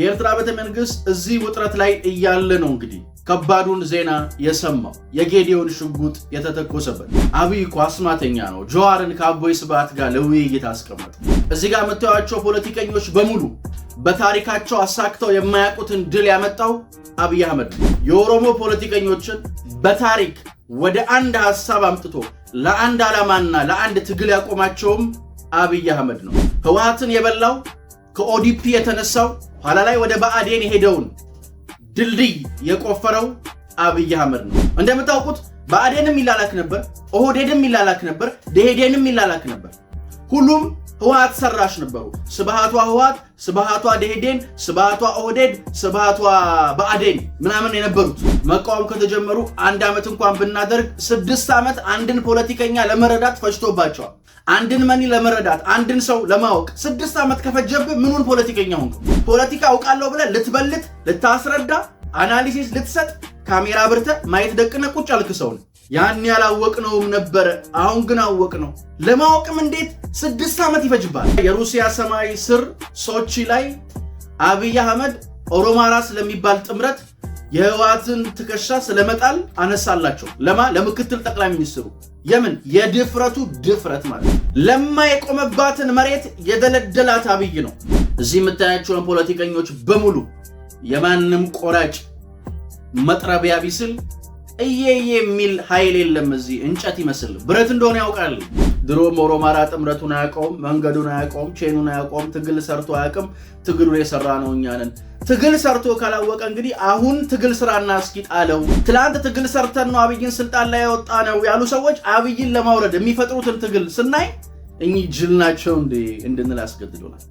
የኤርትራ ቤተመንግስት እዚህ ውጥረት ላይ እያለ ነው እንግዲህ ከባዱን ዜና የሰማው የጌዲዮን ሽጉጥ የተተኮሰበት። አብይ እኮ አስማተኛ ነው። ጆዋርን ከአቦይ ስብዓት ጋር ለውይይት አስቀመጡ። እዚህ ጋር የምታዩቸው ፖለቲከኞች በሙሉ በታሪካቸው አሳክተው የማያውቁትን ድል ያመጣው አብይ አህመድ ነው። የኦሮሞ ፖለቲከኞችን በታሪክ ወደ አንድ ሀሳብ አምጥቶ ለአንድ ዓላማና ለአንድ ትግል ያቆማቸውም አብይ አህመድ ነው። ህወሓትን የበላው ከኦዲፒ የተነሳው ኋላ ላይ ወደ ብአዴን የሄደውን ድልድይ የቆፈረው አብይ አህመድ ነው። እንደምታውቁት ብአዴንም ይላላክ ነበር፣ ኦህዴድም ይላላክ ነበር፣ ደሄዴንም ይላላክ ነበር። ሁሉም ህወሓት ሰራሽ ነበሩ። ስብሃቷ ህወሓት፣ ስብሃቷ ደሄዴን፣ ስብሃቷ ኦህዴድ፣ ስብሃቷ ብአዴን ምናምን የነበሩት መቃወም ከተጀመሩ አንድ ዓመት እንኳን ብናደርግ ስድስት ዓመት አንድን ፖለቲከኛ ለመረዳት ፈጅቶባቸዋል። አንድን መኒ ለመረዳት አንድን ሰው ለማወቅ ስድስት ዓመት ከፈጀብህ ምኑን ፖለቲከኛ ሆንክ? ፖለቲካ አውቃለሁ ብለህ ልትበልት ልታስረዳ አናሊሲስ ልትሰጥ ካሜራ ብርተ ማየት ደቅነ ቁጭ አልክ ሰውን። ያን ያላወቅነውም ነበረ፣ አሁን ግን አወቅ ነው። ለማወቅም እንዴት ስድስት ዓመት ይፈጅባል? የሩሲያ ሰማይ ስር ሶቺ ላይ አብይ አህመድ ኦሮማራ ስለሚባል ጥምረት የህወሓትን ትከሻ ስለመጣል አነሳላቸው። ለማ ለምክትል ጠቅላይ ሚኒስትሩ የምን የድፍረቱ ድፍረት ማለት ነው። ለማ የቆመባትን መሬት የደለደላት አብይ ነው። እዚህ የምታያቸውን ፖለቲከኞች በሙሉ የማንም ቆራጭ መጥረቢያ ቢስል እየየ የሚል ኃይል የለም። እዚህ እንጨት ይመስል ብረት እንደሆነ ያውቃል። ድሮ ሞሮማራ ጥምረቱን አያውቀውም፣ መንገዱን አያውቀውም፣ ቼኑን አያውቀውም። ትግል ሰርቶ አያውቅም። ትግሉን የሰራ ነው እኛንን ትግል ሰርቶ ካላወቀ እንግዲህ አሁን ትግል ስራና እስኪ አለው ትላንት ትግል ሰርተን ነው አብይን ስልጣን ላይ ያወጣ ነው ያሉ ሰዎች አብይን ለማውረድ የሚፈጥሩትን ትግል ስናይ እኚህ ጅል ናቸው እንዴ እንድንል አስገድዶናል።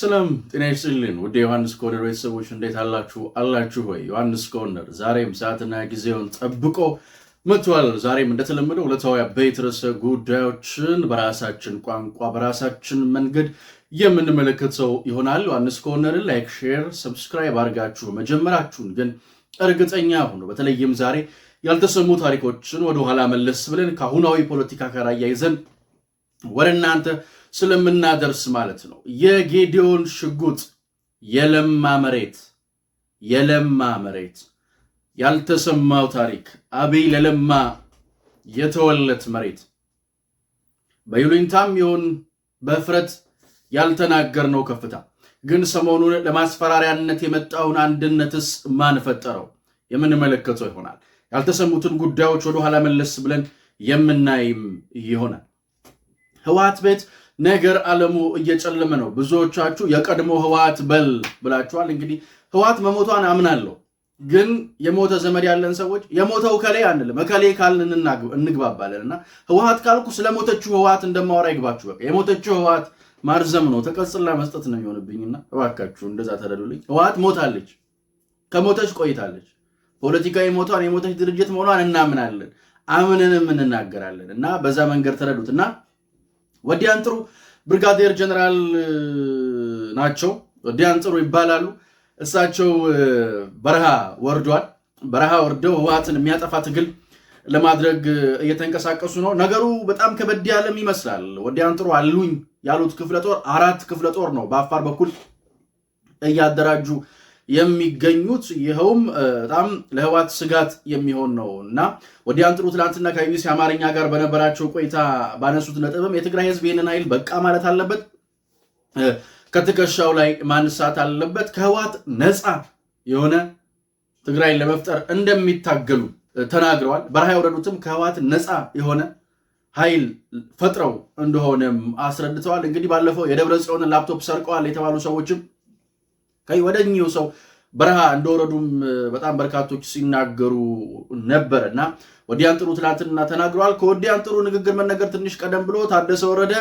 ሰላም ጤና ይስጥልን ውድ የዮሐንስ ኮርነር ቤተሰቦች እንዴት አላችሁ? አላችሁ ወይ? ዮሐንስ ኮርነር ዛሬም ሰዓትና ጊዜውን ጠብቆ መጥቷል። ዛሬም እንደተለመደው ዕለታዊ አበይት ርዕሰ ጉዳዮችን በራሳችን ቋንቋ በራሳችን መንገድ የምንመለከተው ይሆናል። ዮሐንስ ኮርነርን ላይክ፣ ሼር፣ ሰብስክራይብ አድርጋችሁ መጀመራችሁን ግን እርግጠኛ ሁኑ። በተለይም ዛሬ ያልተሰሙ ታሪኮችን ወደኋላ መለስ ብለን ከአሁናዊ ፖለቲካ ጋር አያይዘን ወደ እናንተ ስለምናደርስ ማለት ነው። የጌዲዮን ሽጉጥ የለማ መሬት የለማ መሬት ያልተሰማው ታሪክ አብይ ለለማ የተወለት መሬት በይሉኝታም ይሁን በፍረት ያልተናገርነው ከፍታ ግን ሰሞኑን ለማስፈራሪያነት የመጣውን አንድነትስ ማን ፈጠረው የምንመለከተው ይሆናል። ያልተሰሙትን ጉዳዮች ወደ መለስ ብለን የምናይም ይሆናል። ህወሓት ቤት ነገር ዓለሙ እየጨለመ ነው። ብዙዎቻችሁ የቀድሞ ህወሓት በል ብላችኋል። እንግዲህ ህወሓት መሞቷን አምናለሁ፣ ግን የሞተ ዘመድ ያለን ሰዎች የሞተው ከሌ አንልም። እከሌ ካልን እንግባባለን እና ህወሓት ካልኩ ስለሞተችው ህወሓት እንደማወራ ይግባችሁ። በቃ የሞተችው ህወሓት ማርዘም ነው፣ ተቀጽላ መስጠት ነው የሚሆንብኝና እባካችሁ እንደዛ ተረዱልኝ። ህወሓት ሞታለች፣ ከሞተች ቆይታለች። ፖለቲካዊ ሞቷን የሞተች ድርጅት መሆኗን እናምናለን፣ አምንንም እንናገራለን እና በዛ መንገድ ተረዱትና ወዲያን ጥሩ ብርጋዴር ጀነራል ናቸው። ወዲያን ጥሩ ይባላሉ። እሳቸው በረሃ ወርዷል። በረሃ ወርደው ህወሓትን የሚያጠፋ ትግል ለማድረግ እየተንቀሳቀሱ ነው። ነገሩ በጣም ከበድ ያለም ይመስላል። ወዲያን ጥሩ አሉኝ ያሉት ክፍለ ጦር አራት ክፍለ ጦር ነው በአፋር በኩል እያደራጁ የሚገኙት ይኸውም በጣም ለህወሓት ስጋት የሚሆን ነው እና ወዲያን ጥሩ ትናንትና ከቢቢሲ አማርኛ ጋር በነበራቸው ቆይታ ባነሱት ነጥብም የትግራይ ህዝብ ይህንን ኃይል በቃ ማለት አለበት፣ ከትከሻው ላይ ማንሳት አለበት፣ ከህወሓት ነፃ የሆነ ትግራይን ለመፍጠር እንደሚታገሉ ተናግረዋል። በረሃ የወረዱትም ከህወሓት ነፃ የሆነ ኃይል ፈጥረው እንደሆነም አስረድተዋል። እንግዲህ ባለፈው የደብረ ጽዮንን ላፕቶፕ ሰርቀዋል የተባሉ ሰዎችም ወደኛው ሰው በረሃ እንደወረዱም በጣም በርካቶች ሲናገሩ ነበር እና ወዲያን ጥሩ ትላንትና ተናግረዋል። ከወዲያን ጥሩ ንግግር መነገር ትንሽ ቀደም ብሎ ታደሰ ወረደ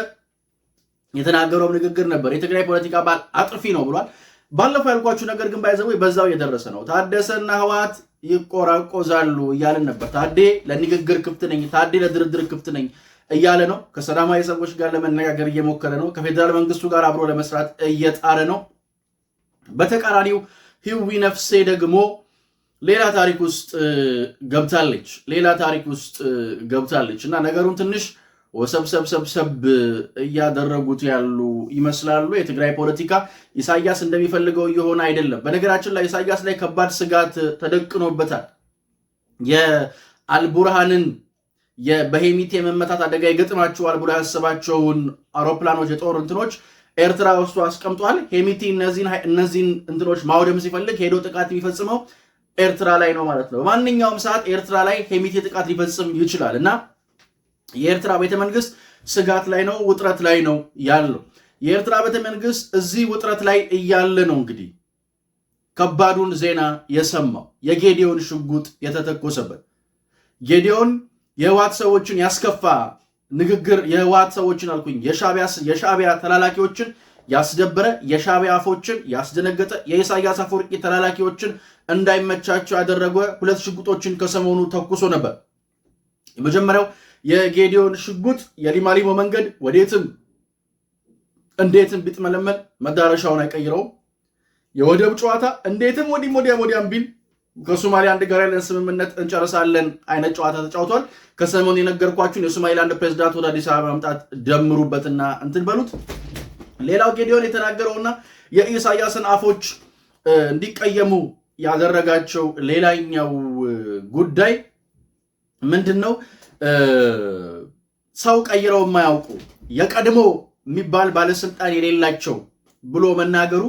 የተናገረውም ንግግር ነበር። የትግራይ ፖለቲካ ባል አጥፊ ነው ብሏል። ባለፈው ያልኳችሁ ነገር ግን ባይዘቦ በዛው እየደረሰ ነው። ታደሰና ህወሓት ይቆራቆዛሉ እያለን ነበር። ታዴ ለንግግር ክፍት ነኝ፣ ታዴ ለድርድር ክፍት ነኝ እያለ ነው። ከሰላማዊ ሰዎች ጋር ለመነጋገር እየሞከረ ነው። ከፌዴራል መንግስቱ ጋር አብሮ ለመስራት እየጣረ ነው። በተቃራኒው ህዊ ነፍሴ ደግሞ ሌላ ታሪክ ውስጥ ገብታለች ሌላ ታሪክ ውስጥ ገብታለች እና ነገሩን ትንሽ ወሰብሰብሰብሰብ እያደረጉት ያሉ ይመስላሉ። የትግራይ ፖለቲካ ኢሳያስ እንደሚፈልገው እየሆነ አይደለም። በነገራችን ላይ ኢሳያስ ላይ ከባድ ስጋት ተደቅኖበታል። የአልቡርሃንን በሄሚቲ የመመታት አደጋ ይገጥማቸው አልቡርሃን ያሰባቸውን አውሮፕላኖች፣ የጦር እንትኖች ኤርትራ ውስጡ አስቀምጧል። ሄሚቲ እነዚህን እንትኖች ማውደም ሲፈልግ ሄዶ ጥቃት የሚፈጽመው ኤርትራ ላይ ነው ማለት ነው። በማንኛውም ሰዓት ኤርትራ ላይ ሄሚቲ ጥቃት ሊፈጽም ይችላል እና የኤርትራ ቤተመንግስት ስጋት ላይ ነው፣ ውጥረት ላይ ነው ያለው። የኤርትራ ቤተመንግስት እዚህ ውጥረት ላይ እያለ ነው እንግዲህ ከባዱን ዜና የሰማው የጌዲዮን ሽጉጥ የተተኮሰበት ጌዲዮን የህወሓት ሰዎችን ያስከፋ ንግግር የህወሓት ሰዎችን አልኩኝ የሻቢያ ተላላኪዎችን ያስደበረ የሻቢያ አፎችን ያስደነገጠ የኢሳያስ አፈወርቂ ተላላኪዎችን እንዳይመቻቸው ያደረገ ሁለት ሽጉጦችን ከሰሞኑ ተኩሶ ነበር። የመጀመሪያው የጌዲዮን ሽጉጥ የሊማሊሞ መንገድ ወዴትም እንዴትም ቢጥመለመል መዳረሻውን አይቀይረውም። የወደብ ጨዋታ እንዴትም ወዲም ወዲያም ወዲያም ቢል ከሶማሊያ አንድ ጋር ያለን ስምምነት እንጨርሳለን አይነት ጨዋታ ተጫውቷል። ከሰሞኑ የነገርኳችሁን የሶማሊላንድ ፕሬዚዳንት ወደ አዲስ አበባ መምጣት ደምሩበትና እንትን በሉት። ሌላው ጌዲዮን የተናገረውና የኢሳያስን አፎች እንዲቀየሙ ያደረጋቸው ሌላኛው ጉዳይ ምንድን ነው? ሰው ቀይረው የማያውቁ የቀድሞ የሚባል ባለስልጣን የሌላቸው ብሎ መናገሩ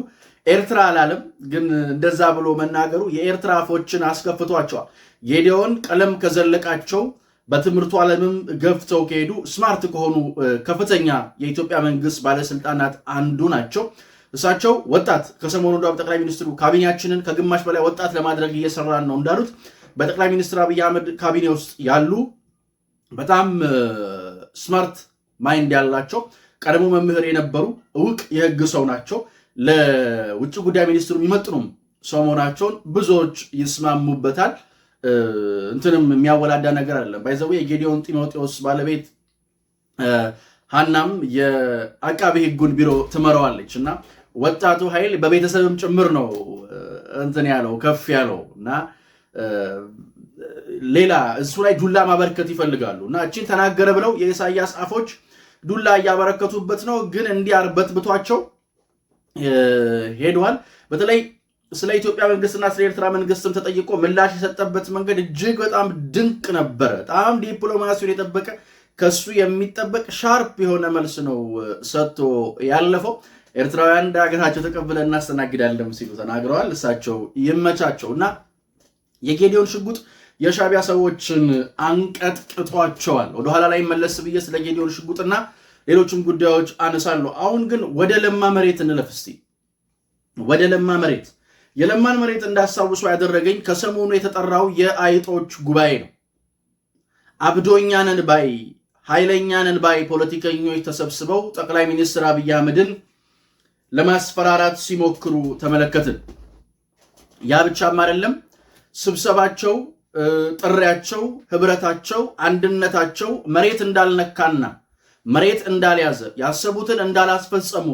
ኤርትራ አላለም፣ ግን እንደዛ ብሎ መናገሩ የኤርትራ አፎችን አስከፍቷቸዋል። ጌዲዮን ቀለም ከዘለቃቸው በትምህርቱ ዓለምም ገፍተው ከሄዱ ስማርት ከሆኑ ከፍተኛ የኢትዮጵያ መንግስት ባለስልጣናት አንዱ ናቸው። እሳቸው ወጣት ከሰሞኑ ዳ ጠቅላይ ሚኒስትሩ ካቢኔያችንን ከግማሽ በላይ ወጣት ለማድረግ እየሰራን ነው እንዳሉት በጠቅላይ ሚኒስትር አብይ አህመድ ካቢኔ ውስጥ ያሉ በጣም ስማርት ማይንድ ያላቸው ቀድሞ መምህር የነበሩ እውቅ የህግ ሰው ናቸው። ለውጭ ጉዳይ ሚኒስትሩ የሚመጥኑም ሰው መሆናቸውን ብዙዎች ይስማሙበታል። እንትንም የሚያወላዳ ነገር አለ ባይዘዌ የጌዲዮን ጢሞቴዎስ ባለቤት ሀናም የአቃቢ ሕጉን ቢሮ ትመራዋለች እና ወጣቱ ኃይል በቤተሰብም ጭምር ነው እንትን ያለው ከፍ ያለው እና ሌላ እሱ ላይ ዱላ ማበረከት ይፈልጋሉ እና እቺን ተናገረ ብለው የኢሳያስ አፎች ዱላ እያበረከቱበት ነው። ግን እንዲህ ሄደዋል። በተለይ ስለ ኢትዮጵያ መንግስትና ስለ ኤርትራ መንግስትም ተጠይቆ ምላሽ የሰጠበት መንገድ እጅግ በጣም ድንቅ ነበረ። በጣም ዲፕሎማሲውን የጠበቀ ከሱ የሚጠበቅ ሻርፕ የሆነ መልስ ነው ሰጥቶ ያለፈው። ኤርትራውያን እንደ ሀገራቸው ተቀብለን እናስተናግዳለን ሲሉ ተናግረዋል። እሳቸው ይመቻቸው እና የጌዲዮን ሽጉጥ የሻቢያ ሰዎችን አንቀጥቅጧቸዋል። ወደኋላ ላይ መለስ ብዬ ስለ ጌዲዮን ሽጉጥና ሌሎችም ጉዳዮች አነሳሉ አሁን ግን ወደ ለማ መሬት እንለፍ እስቲ። ወደ ለማ መሬት የለማን መሬት እንዳስታውሰው ያደረገኝ ከሰሞኑ የተጠራው የአይጦች ጉባኤ ነው። አብዶኛንን ባይ ኃይለኛንን ባይ ፖለቲከኞች ተሰብስበው ጠቅላይ ሚኒስትር አብይ አህመድን ለማስፈራራት ሲሞክሩ ተመለከትን። ያ ብቻም አይደለም። ስብሰባቸው፣ ጥሪያቸው፣ ህብረታቸው፣ አንድነታቸው መሬት እንዳልነካና መሬት እንዳልያዘ ያሰቡትን እንዳላስፈጸሙ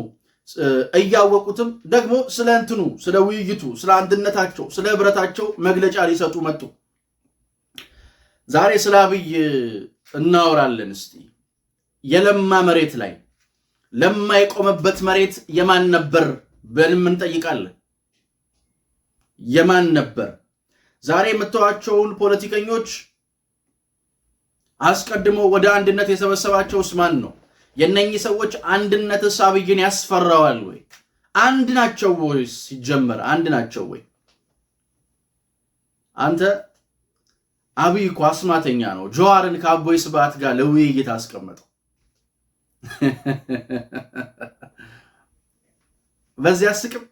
እያወቁትም ደግሞ ስለ እንትኑ ስለ ውይይቱ ስለ አንድነታቸው ስለ ህብረታቸው መግለጫ ሊሰጡ መጡ። ዛሬ ስለ አብይ እናወራለን። እስቲ የለማ መሬት ላይ ለማ የቆመበት መሬት የማን ነበር ብለንም እንጠይቃለን። የማን ነበር? ዛሬ የምታዋቸውን ፖለቲከኞች አስቀድሞ ወደ አንድነት የሰበሰባቸውስ ማን ነው? የእነኚህ ሰዎች አንድነትስ አብይን ያስፈራዋል ወይ? አንድ ናቸው ወይ? ሲጀመር አንድ ናቸው ወይ? አንተ አብይ እኮ አስማተኛ ነው። ጀዋርን ከአቦይ ስብዓት ጋር ለውይይት አስቀመጠው። በዚህ አስቅም።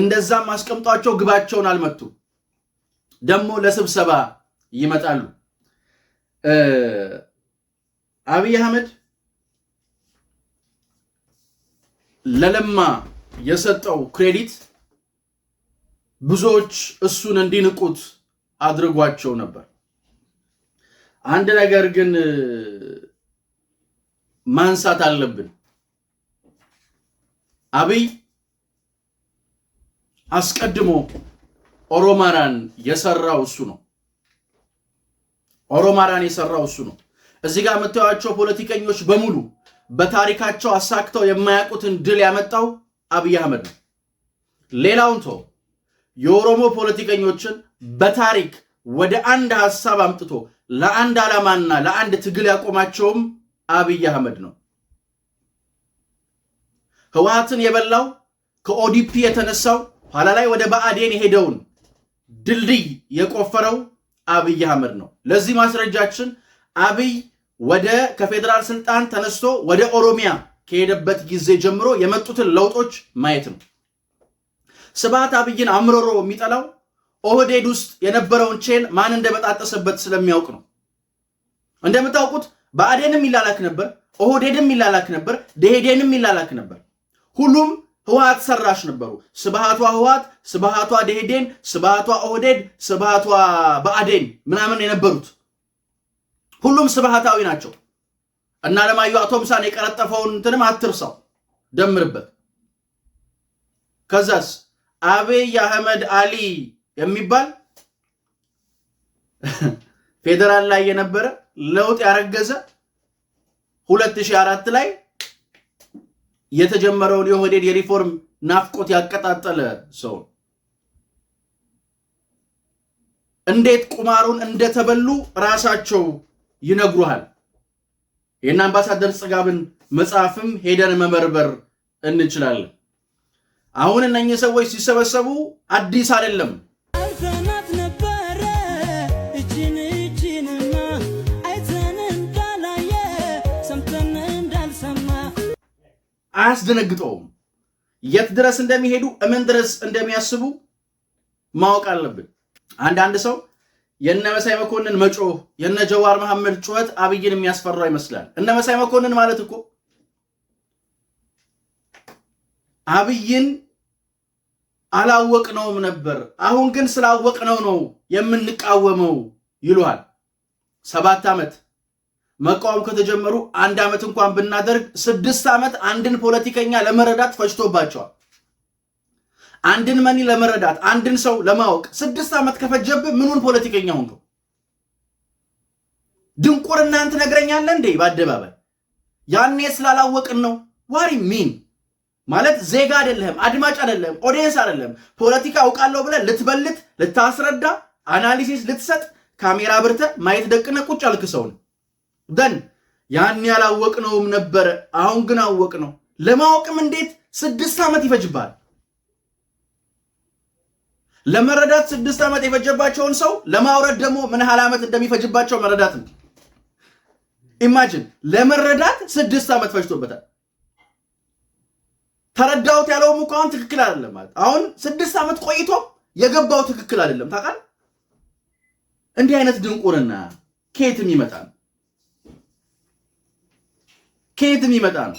እንደዛም አስቀምጧቸው ግባቸውን አልመቱ። ደግሞ ለስብሰባ ይመጣሉ። አብይ አህመድ ለለማ የሰጠው ክሬዲት ብዙዎች እሱን እንዲንቁት አድርጓቸው ነበር። አንድ ነገር ግን ማንሳት አለብን። አብይ አስቀድሞ ኦሮማራን የሰራው እሱ ነው። ኦሮማራን የሰራው እሱ ነው። እዚህ ጋር የምታዩቸው ፖለቲከኞች በሙሉ በታሪካቸው አሳክተው የማያውቁትን ድል ያመጣው አብይ አህመድ ነው። ሌላውን ቶ የኦሮሞ ፖለቲከኞችን በታሪክ ወደ አንድ ሀሳብ አምጥቶ ለአንድ ዓላማና ለአንድ ትግል ያቆማቸውም አብይ አህመድ ነው። ህወሓትን የበላው ከኦዲፒ የተነሳው ኋላ ላይ ወደ ብአዴን የሄደውን ድልድይ የቆፈረው አብይ አህመድ ነው። ለዚህ ማስረጃችን አብይ ወደ ከፌዴራል ስልጣን ተነስቶ ወደ ኦሮሚያ ከሄደበት ጊዜ ጀምሮ የመጡትን ለውጦች ማየት ነው። ስብሃት አብይን አምሮሮ የሚጠላው ኦህዴድ ውስጥ የነበረውን ቼን ማን እንደበጣጠሰበት ስለሚያውቅ ነው። እንደምታውቁት በአዴንም ይላላክ ነበር፣ ኦህዴድም ይላላክ ነበር፣ ደሄዴንም ይላላክ ነበር። ሁሉም ህወሓት ሰራሽ ነበሩ። ስብሃቷ ህወሓት፣ ስብሃቷ ደሄዴን፣ ስብሃቷ ኦህዴድ፣ ስብሃቷ በአዴን ምናምን የነበሩት ሁሉም ስብሃታዊ ናቸው። እና አለማየሁ አቶምሳን የቀረጠፈውን እንትንም አትርሳው፣ ደምርበት። ከዛስ አብይ አህመድ አሊ የሚባል ፌዴራል ላይ የነበረ ለውጥ ያረገዘ 2004 ላይ የተጀመረውን የኦህዴድ የሪፎርም ናፍቆት ያቀጣጠለ ሰው እንዴት ቁማሩን እንደተበሉ ራሳቸው ይነግሩሃል። ይህን አምባሳደር ጽጋብን መጽሐፍም ሄደን መመርበር እንችላለን። አሁን እነኚህ ሰዎች ሲሰበሰቡ አዲስ አይደለም። አያስደነግጠውም። የት ድረስ እንደሚሄዱ እምን ድረስ እንደሚያስቡ ማወቅ አለብን። አንዳንድ ሰው የነ መሳይ መኮንን መጮህ የነ ጀዋር መሐመድ ጩኸት አብይን የሚያስፈራው ይመስላል። እነ መሳይ መኮንን ማለት እኮ አብይን አላወቅነውም ነበር፣ አሁን ግን ስላወቅነው ነው የምንቃወመው ይሏል? ሰባት ዓመት መቃወም ከተጀመሩ አንድ ዓመት እንኳን ብናደርግ ስድስት ዓመት አንድን ፖለቲከኛ ለመረዳት ፈጅቶባቸዋል። አንድን መኒ ለመረዳት አንድን ሰው ለማወቅ ስድስት ዓመት ከፈጀብህ ምኑን ፖለቲከኛ ሆንከው? ድንቁር እናንት ነግረኛለ እንዴ? በአደባባይ ያኔ ስላላወቅን ነው ዋሪ ሚን ማለት ዜጋ አይደለህም፣ አድማጭ አይደለህም፣ ኦዲየንስ አይደለህም። ፖለቲካ አውቃለሁ ብለህ ልትበልት፣ ልታስረዳ፣ አናሊሲስ ልትሰጥ ካሜራ ብርተ ማየት ደቅነ ቁጭ አልክ ሰውን ደን ያን ያላወቅነውም ነበረ፣ አሁን ግን አወቅ ነው። ለማወቅም እንዴት ስድስት ዓመት ይፈጅባል። ለመረዳት ስድስት ዓመት የፈጀባቸውን ሰው ለማውረድ ደግሞ ምን ያህል ዓመት እንደሚፈጅባቸው መረዳት ነው። ኢማጅን ለመረዳት ስድስት ዓመት ፈጅቶበታል። ተረዳሁት ያለውም እኮ አሁን ትክክል አይደለም ማለት አሁን ስድስት ዓመት ቆይቶ የገባው ትክክል አይደለም። ታውቃል እንዲህ አይነት ድንቁርና ከየትም ይመጣል። ከየት የሚመጣ ነው?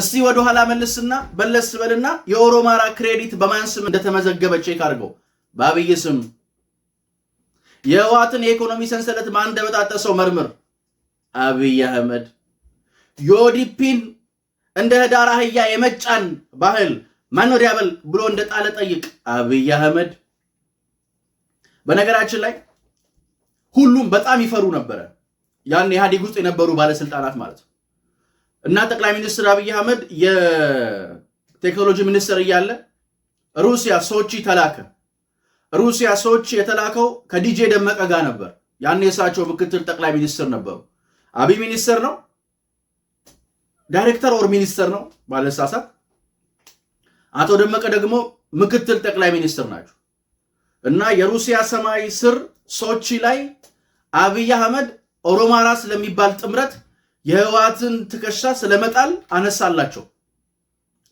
እስቲ ወደ ኋላ መልስና በለስ በልና የኦሮማራ ክሬዲት በማን ስም እንደተመዘገበ ቼክ አድርገው። በአብይ ስም የህወሓትን የኢኮኖሚ ሰንሰለት ማን እንደበጣጠሰው መርምር። አብይ አህመድ ዮዲፒን እንደ ህዳር አህያ የመጫን ባህል ማን ወዲያ በል ብሎ እንደ ጣለ ጠይቅ። አብይ አህመድ በነገራችን ላይ ሁሉም በጣም ይፈሩ ነበረ። ያን ኢህአዴግ ውስጥ የነበሩ ባለስልጣናት ማለት ነው እና ጠቅላይ ሚኒስትር አብይ አህመድ የቴክኖሎጂ ሚኒስትር እያለ ሩሲያ ሶቺ ተላከ። ሩሲያ ሶቺ የተላከው ከዲጄ ደመቀ ጋር ነበር። ያን የእሳቸው ምክትል ጠቅላይ ሚኒስትር ነበሩ። አብይ ሚኒስትር ነው ዳይሬክተር ኦር ሚኒስትር ነው ባለሳሳት። አቶ ደመቀ ደግሞ ምክትል ጠቅላይ ሚኒስትር ናቸው እና የሩሲያ ሰማይ ስር ሶቺ ላይ አብይ አህመድ ኦሮማራ ስለሚባል ጥምረት የህወሓትን ትከሻ ስለመጣል አነሳላቸው።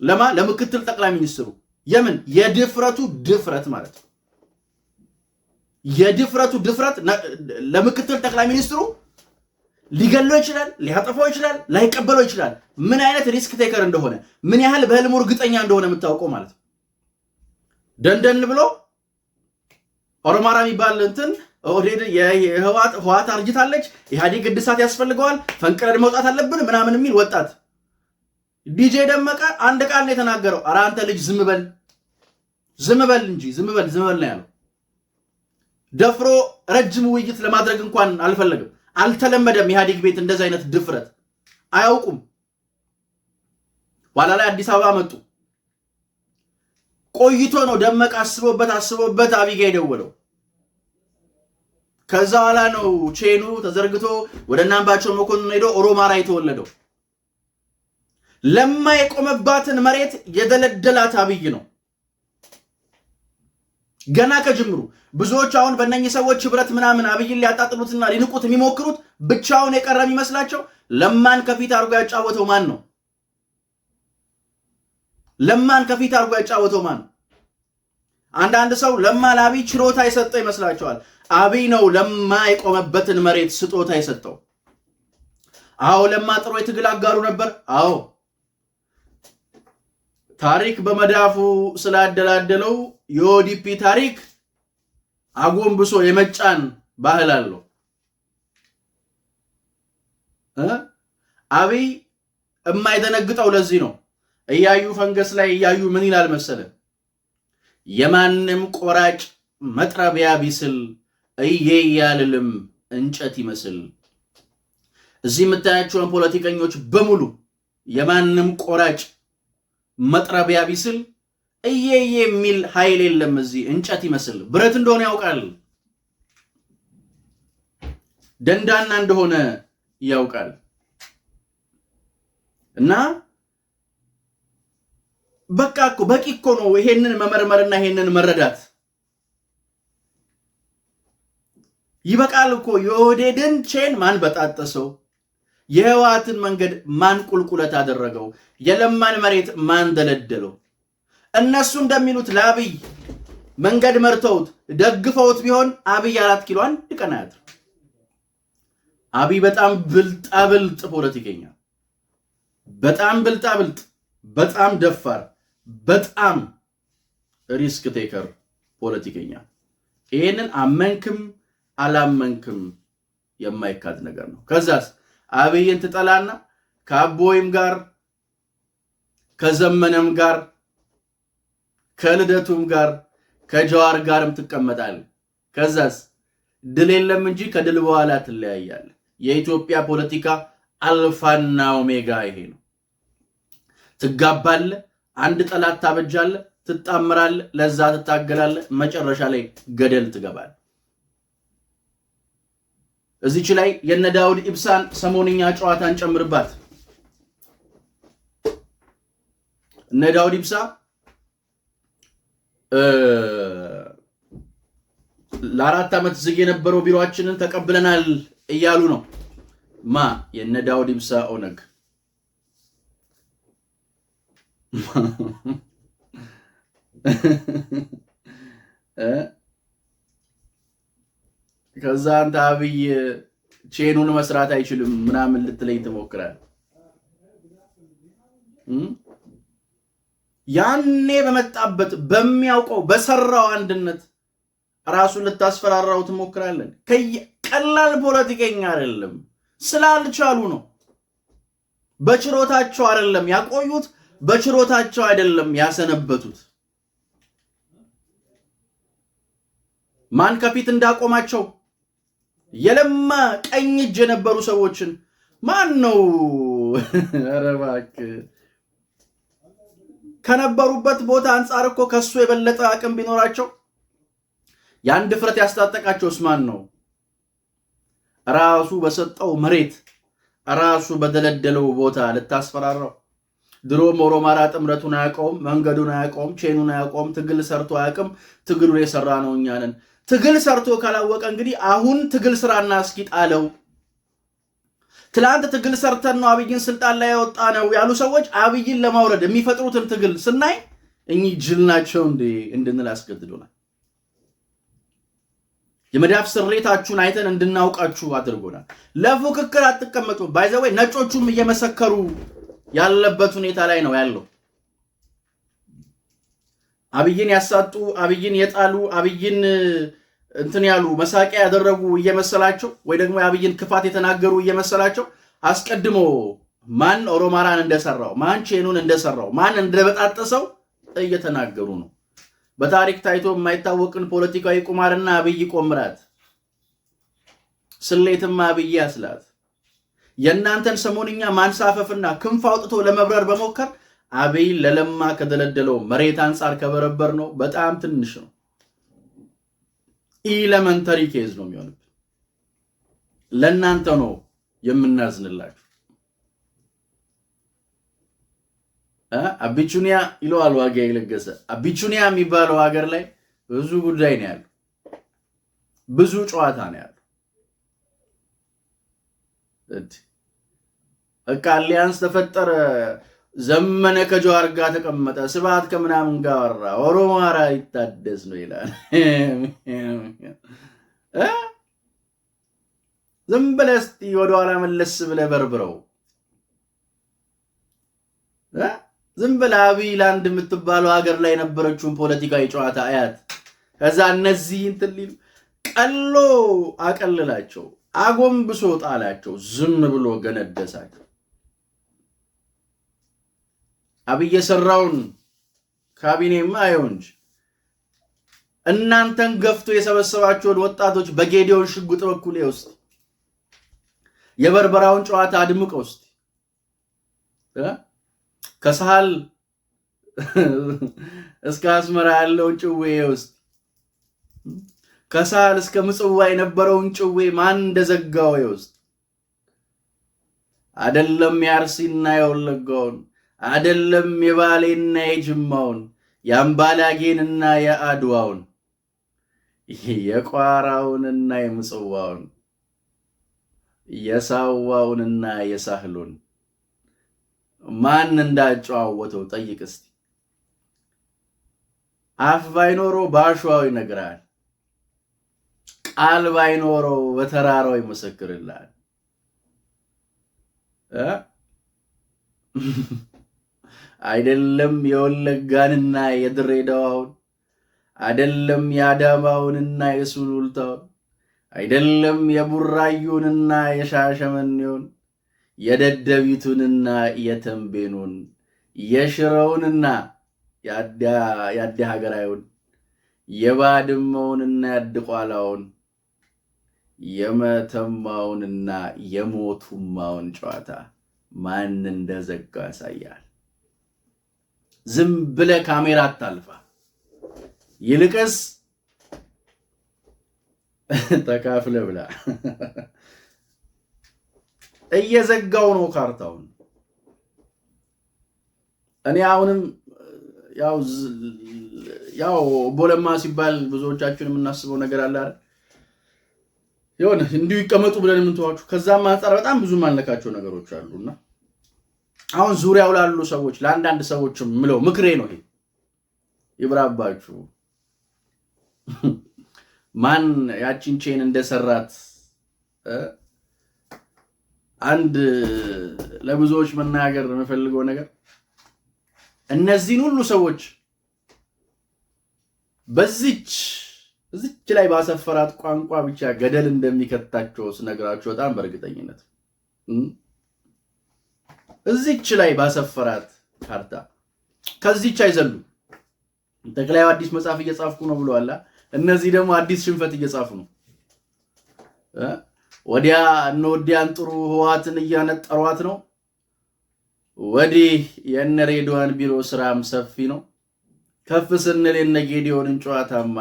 ለማ ለምክትል ጠቅላይ ሚኒስትሩ የምን የድፍረቱ ድፍረት ማለት ነው። የድፍረቱ ድፍረት ለምክትል ጠቅላይ ሚኒስትሩ ሊገለው ይችላል፣ ሊያጠፋው ይችላል፣ ላይቀበለው ይችላል። ምን አይነት ሪስክ ቴከር እንደሆነ ምን ያህል በህልሙ እርግጠኛ እንደሆነ የምታውቀው ማለት ነው። ደንደን ብሎ ኦሮማራ የሚባል እንትን ኦህዴድ የህዋት ህዋት አርጅታለች፣ ኢህአዴግ እድሳት ያስፈልገዋል፣ ፈንቅረድ መውጣት አለብን ምናምን የሚል ወጣት ዲጄ ደመቀ አንድ ቃል ነው የተናገረው። ኧረ አንተ ልጅ ዝም በል ዝም በል እንጂ ዝም በል ዝም በል ነው ያለው። ደፍሮ ረጅም ውይይት ለማድረግ እንኳን አልፈለግም። አልተለመደም። ኢህአዴግ ቤት እንደዚህ አይነት ድፍረት አያውቁም። ኋላ ላይ አዲስ አበባ መጡ። ቆይቶ ነው ደመቀ አስቦበት አስቦበት አብይ ጋ የደወለው። ከዛ ኋላ ነው ቼኑ ተዘርግቶ ወደ እነ መኮንን ሄዶ ኦሮማራ የተወለደው። ለማ የቆመባትን መሬት የደለደላት አብይ ነው ገና ከጅምሩ። ብዙዎች አሁን በእነኚህ ሰዎች ህብረት ምናምን አብይን ሊያጣጥሉትና ሊንቁት የሚሞክሩት ብቻውን የቀረ የሚመስላቸው ለማን ከፊት አድርጎ ያጫወተው ማን ነው? ለማን ከፊት አድርጎ ያጫወተው ማን ነው? አንዳንድ ሰው ለማ ለአብይ ችሮታ የሰጠ ይመስላቸዋል። አብይ ነው ለማ የቆመበትን መሬት ስጦታ የሰጠው። አዎ ለማ ጥሩ የትግል አጋሩ ነበር። አዎ ታሪክ በመዳፉ ስላደላደለው የኦዲፒ ታሪክ አጎንብሶ የመጫን ባህል አለው። አብይ የማይደነግጠው ለዚህ ነው። እያዩ ፈንገስ ላይ እያዩ ምን ይላል መሰለ የማንም ቆራጭ መጥረቢያ ቢስል እዬ ያልልም እንጨት ይመስል እዚህ የምታያቸውን ፖለቲከኞች በሙሉ የማንም ቆራጭ መጥረቢያ ቢስል እየ የሚል ኃይል የለም። እዚህ እንጨት ይመስል ብረት እንደሆነ ያውቃል። ደንዳና እንደሆነ ያውቃል። እና በቃ እኮ በቂ እኮ ነው ይሄንን መመርመርና ይሄንን መረዳት ይበቃል እኮ የኦህዴድን ቼን ማን በጣጠሰው? የህወሓትን መንገድ ማን ቁልቁለት አደረገው? የለማን መሬት ማን ደለደለው? እነሱ እንደሚሉት ለአብይ መንገድ መርተውት ደግፈውት ቢሆን አብይ አራት ኪሎ አንድ ቀን አያድር። አብይ በጣም ብልጣብልጥ ፖለቲከኛ፣ በጣም ብልጣብልጥ፣ በጣም ደፋር፣ በጣም ሪስክ ቴከር ፖለቲከኛ። ይህንን አመንክም አላመንክም። የማይካድ ነገር ነው። ከዛስ አብይን ትጠላና ከአቦይም ጋር ከዘመነም ጋር ከልደቱም ጋር ከጀዋር ጋርም ትቀመጣል። ከዛስ ድል የለም እንጂ ከድል በኋላ ትለያያል። የኢትዮጵያ ፖለቲካ አልፋና ኦሜጋ ይሄ ነው። ትጋባለ፣ አንድ ጠላት ታበጃለ፣ ትጣምራለ፣ ለዛ ትታገላለ፣ መጨረሻ ላይ ገደል ትገባል። እዚች ላይ የነ ዳውድ ኢብሳን ሰሞንኛ ጨዋታን ጨምርባት። እነ ዳውድ ኢብሳ ለአራት ዓመት ዝግ የነበረው ቢሮአችንን ተቀብለናል እያሉ ነው። ማ የነ ዳውድ ኢብሳ ኦነግ ከዛ አንተ አብይ ቼኑን መስራት አይችልም ምናምን ልትለኝ ትሞክራል። ያኔ በመጣበት በሚያውቀው በሰራው አንድነት ራሱን ልታስፈራራው ትሞክራለን። ቀላል ፖለቲከኛ አይደለም፣ ስላልቻሉ ነው። በችሮታቸው አይደለም ያቆዩት፣ በችሮታቸው አይደለም ያሰነበቱት። ማን ከፊት እንዳቆማቸው የለማ ቀኝ እጅ የነበሩ ሰዎችን ማን ነው? ኧረ እባክህ ከነበሩበት ቦታ አንጻር እኮ ከሱ የበለጠ አቅም ቢኖራቸው ያን ድፍረት ያስታጠቃቸውስ ማን ነው? ራሱ በሰጠው መሬት ራሱ በደለደለው ቦታ ልታስፈራራው። ድሮም ኦሮማራ ጥምረቱን አያውቀውም፣ መንገዱን አያውቀውም፣ ቼኑን አያውቀውም። ትግል ሰርቶ አያውቅም። ትግሉን የሰራ ነው እኛ ትግል ሰርቶ ካላወቀ እንግዲህ አሁን ትግል ስራና እስኪ አለው ትላንት ትግል ሰርተን ነው አብይን ስልጣን ላይ ያወጣ ነው ያሉ ሰዎች አብይን ለማውረድ የሚፈጥሩትን ትግል ስናይ እኚህ ጅል ናቸው እንዴ እንድንል ያስገድዶናል። የመዳፍ ስሬታችሁን አይተን እንድናውቃችሁ አድርጎናል። ለፉክክር አትቀመጡ። ባይዘወይ ነጮቹም እየመሰከሩ ያለበት ሁኔታ ላይ ነው ያለው። አብይን ያሳጡ፣ አብይን የጣሉ፣ አብይን እንትን ያሉ መሳቂያ ያደረጉ እየመሰላቸው ወይ ደግሞ የአብይን ክፋት የተናገሩ እየመሰላቸው አስቀድሞ ማን ኦሮማራን እንደሰራው ማን ቼኑን እንደሰራው ማን እንደበጣጠሰው እየተናገሩ ነው። በታሪክ ታይቶ የማይታወቅን ፖለቲካዊ ቁማርና አብይ ቆምራት፣ ስሌትማ አብይ ያስላት የእናንተን ሰሞንኛ ማንሳፈፍና ክንፍ አውጥቶ ለመብረር በሞከር አብይ ለለማ ከተለደለው መሬት አንጻር ከበረበር ነው በጣም ትንሽ ነው። ኢለመንተሪ ኬዝ ነው የሚሆንብን። ለእናንተ ነው የምናዝንላችሁ። አቢቹኒያ ይለዋል ዋጋ የለገሰ አቢቹኒያ የሚባለው ሀገር ላይ ብዙ ጉዳይ ነው ያለው፣ ብዙ ጨዋታ ነው ያለው። በቃ አሊያንስ ተፈጠረ ዘመነ ከጀዋር ጋር ተቀመጠ፣ ስብሐት ከምናምን ጋር አወራ፣ ኦሮሞ አራ ይታደስ ነው ይላል። ዝም ብለህ ወደኋላ መለስ ብለህ በርብረው። ዝም ብለህ አብይ ላንድ የምትባለው ሀገር ላይ የነበረችውን ፖለቲካዊ ጨዋታ አያት። ከዛ እነዚህ እንትን ሊሉ ቀሎ አቀልላቸው፣ አጎንብሶ ጣላቸው፣ ዝም ብሎ ገነደሳቸው። አብይ የሰራውን ካቢኔም አየው እንጂ እናንተን ገፍቶ የሰበሰባችሁን ወጣቶች በጌዲዮን ሽጉጥ በኩል ውስጥ የበርበራውን ጨዋታ አድምቀ ውስጥ ከሳሃል እስከ አስመራ ያለውን ጭዌ ውስጥ ከሳሃል እስከ ምጽዋ የነበረውን ጭዌ ማን እንደዘጋው ውስጥ አይደለም የአርሲና የወለጋውን አደለም የባሌና የጅማውን የአምባላጌንና የአድዋውን የቋራውንና የምጽዋውን የሳዋውንና የሳህሉን ማን እንዳጨዋወተው ጠይቅ እስቲ። አፍ ባይኖሮ በአሸዋው ይነግራል። ቃል ባይኖሮ በተራራው ይመሰክርላል። አይደለም የወለጋንና የድሬዳዋውን አይደለም የአዳማውንና የሱሉልታውን አይደለም የቡራዩንና የሻሸመኔውን የደደቢቱንና የተንቤኑን የሽረውንና የአዲ ሀገራዩን የባድመውንና የአድቋላውን የመተማውንና የሞቱማውን ጨዋታ ማን እንደዘጋ ያሳያል። ዝም ብለ ካሜራ አታልፋ። ይልቅስ ተካፍለ ብላ። እየዘጋው ነው ካርታውን። እኔ አሁንም ያው ቦለማ ሲባል ብዙዎቻችን የምናስበው ነገር አለ አይደል? የሆነ እንዲሁ ይቀመጡ ብለን የምንተዋቸው ከዛም አንጻር በጣም ብዙ ማለካቸው ነገሮች አሉና አሁን ዙሪያው ላሉ ሰዎች ለአንዳንድ ሰዎች ምለው ምክሬ ነው ይሄ ይብራባችሁ። ማን ያቺን ቼን እንደሰራት አንድ ለብዙዎች መናገር የምፈልገው ነገር እነዚህን ሁሉ ሰዎች በዚች እዚች ላይ ባሰፈራት ቋንቋ ብቻ ገደል እንደሚከታቸው ስነግራችሁ በጣም በእርግጠኝነት እዚች ላይ ባሰፈራት ካርታ ከዚች አይዘሉ ጠቅላዩ አዲስ መጽሐፍ እየጻፍኩ ነው ብለዋላ። እነዚህ ደግሞ አዲስ ሽንፈት እየጻፉ ነው። ወዲያ እነ ወዲያን ጥሩ ህወሓትን እያነጠሯት ነው። ወዲህ የእነ ሬድዋን ቢሮ ስራም ሰፊ ነው። ከፍ ስንል የነ ጌዲዮንን ጨዋታም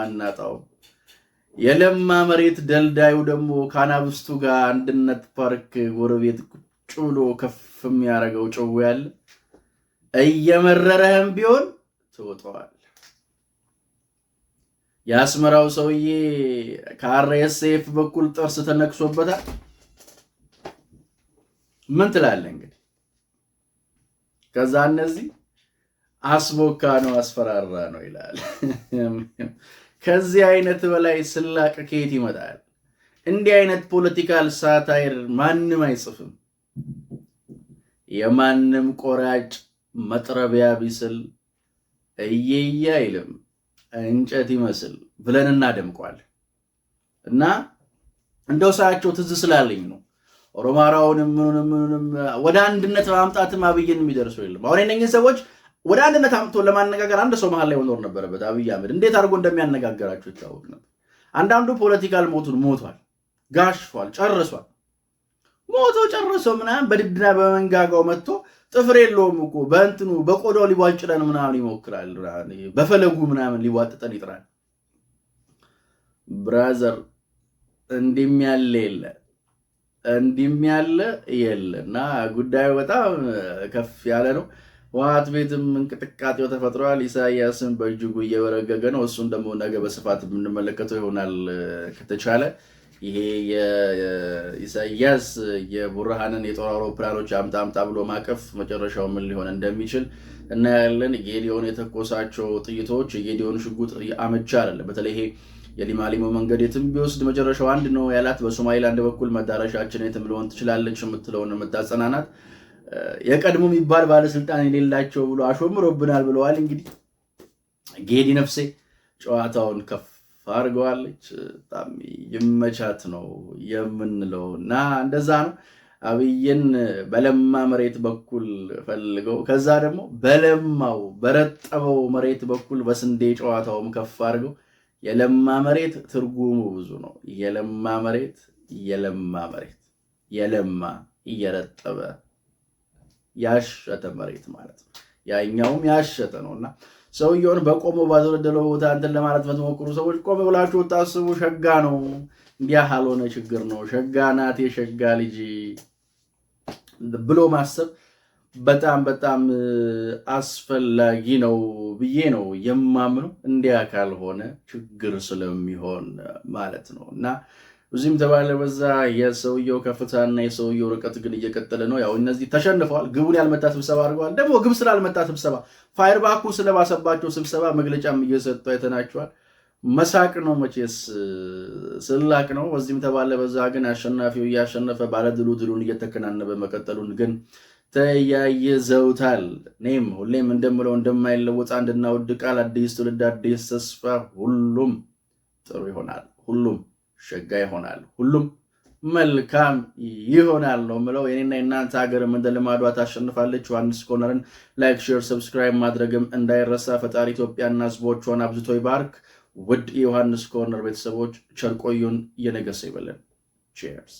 የለማ መሬት ደልዳዩ ደግሞ ከአናብስቱ ጋር አንድነት ፓርክ ጎረቤት ቁጭ ብሎ ከፍ እፍም ያደረገው ጭው ያለ እየመረረህም ቢሆን ትውጠዋል። የአስመራው ሰውዬ ከአርኤስኤፍ በኩል ጥርስ ተነክሶበታል። ምን ትላለህ እንግዲህ? ከዛ እነዚህ አስቦካ ነው አስፈራራ ነው ይላል። ከዚህ አይነት በላይ ስላቅ ከየት ይመጣል? እንዲህ አይነት ፖለቲካል ሳታይር ማንም አይጽፍም። የማንም ቆራጭ መጥረቢያ ቢስል እየየ አይልም እንጨት ይመስል ብለን እናደምቋል። እና እንደው ሳያቸው ትዝ ስላለኝ ነው። ኦሮማራውንም ምኑንም ወደ አንድነት ማምጣትም አብይን የሚደርሰው የለም። አሁን የነኝን ሰዎች ወደ አንድነት አምጥቶ ለማነጋገር አንድ ሰው መሀል ላይ መኖር ነበረበት። አብይ አህመድ እንዴት አድርጎ እንደሚያነጋገራቸው ይታወቅ ነበር። አንዳንዱ ፖለቲካል ሞቱን ሞቷል፣ ጋሽፏል፣ ጨርሷል። ሞቶ ጨርሶ ምናምን በድድና በመንጋጋው መጥቶ ጥፍር የለውም እኮ በእንትኑ በቆዳው ሊቧጭረን ምናምን ይሞክራል። በፈለጉ ምናምን ሊቧጥጠን ይጥራል። ብራዘር እንዲም ያለ የለ እንዲም ያለ የለ እና ጉዳዩ በጣም ከፍ ያለ ነው። ውሃት ቤትም እንቅጥቃጤው ተፈጥሯል። ኢሳያስን በእጅጉ እየበረገገ ነው። እሱን ደግሞ ነገ በስፋት የምንመለከተው ይሆናል ከተቻለ ይሄ የኢሳያስ የቡርሃንን የጦር አውሮፕላኖች አምጣ አምጣ ብሎ ማቀፍ መጨረሻው ምን ሊሆን እንደሚችል እናያለን። ጌዲዮን የተኮሳቸው ጥይቶች የጌዲዮን ሽጉጥ አመቻ አይደለም። በተለይ ይሄ የሊማሊሞ መንገድ የትም ቢወስድ መጨረሻው አንድ ነው ያላት በሶማሊላንድ በኩል መዳረሻችን የትም ልሆን ትችላለች የምትለውን የምታጸናናት የቀድሞ የሚባል ባለስልጣን የሌላቸው ብሎ አሾምሮብናል ብለዋል። እንግዲህ ጌዲ ነፍሴ ጨዋታውን ከፍ አድርገዋለች። በጣም ይመቻት ነው የምንለው እና እንደዛ ነው። አብይን በለማ መሬት በኩል ፈልገው ከዛ ደግሞ በለማው በረጠበው መሬት በኩል በስንዴ ጨዋታውም ከፍ አድርገው የለማ መሬት ትርጉሙ ብዙ ነው። የለማ መሬት የለማ መሬት የለማ እየረጠበ ያሸተ መሬት ማለት ነው። ያኛውም ያሸተ እና ሰውየውን በቆሞ ባዘረደለው ቦታ እንትን ለማለት በተሞክሩ ሰዎች ቆም ብላችሁ ታስቡ። ሸጋ ነው፣ እንዲያ ካልሆነ ችግር ነው። ሸጋ ናት፣ የሸጋ ልጅ ብሎ ማሰብ በጣም በጣም አስፈላጊ ነው ብዬ ነው የማምነው። እንዲያ ካልሆነ ችግር ስለሚሆን ማለት ነው እና እዚህም ተባለ በዛ የሰውየው ከፍታና የሰውየው ርቀት ግን እየቀጠለ ነው። ያው እነዚህ ተሸንፈዋል። ግቡን ያልመታ ስብሰባ አድርገዋል። ደግሞ ግብ ስላልመታ ስብሰባ፣ ፋይርባኩ ስለባሰባቸው ስብሰባ መግለጫም እየሰጡ አይተናቸዋል። መሳቅ ነው መቼስ ስላቅ ነው። በዚህም ተባለ በዛ ግን አሸናፊው እያሸነፈ ባለድሉ ድሉን እየተከናነበ መቀጠሉን ግን ተያይዘውታል። እኔም ሁሌም እንደምለው እንደማይለወጥ አንድና ውድ ቃል አዲስ ትውልድ አዲስ ተስፋ፣ ሁሉም ጥሩ ይሆናል። ሁሉም ሸጋ ይሆናል፣ ሁሉም መልካም ይሆናል ነው ምለው። የኔና የእናንተ ሀገር እንደ ልማዷ ታሸንፋለች። ዮሐንስ ኮርነርን ላይክ፣ ሼር፣ ሰብስክራይብ ማድረግም እንዳይረሳ። ፈጣሪ ኢትዮጵያና ህዝቦቿን አብዝቶ ይባርክ። ውድ የዮሐንስ ኮርነር ቤተሰቦች ቸርቆዩን እየነገሰ ይበለን። ቼርስ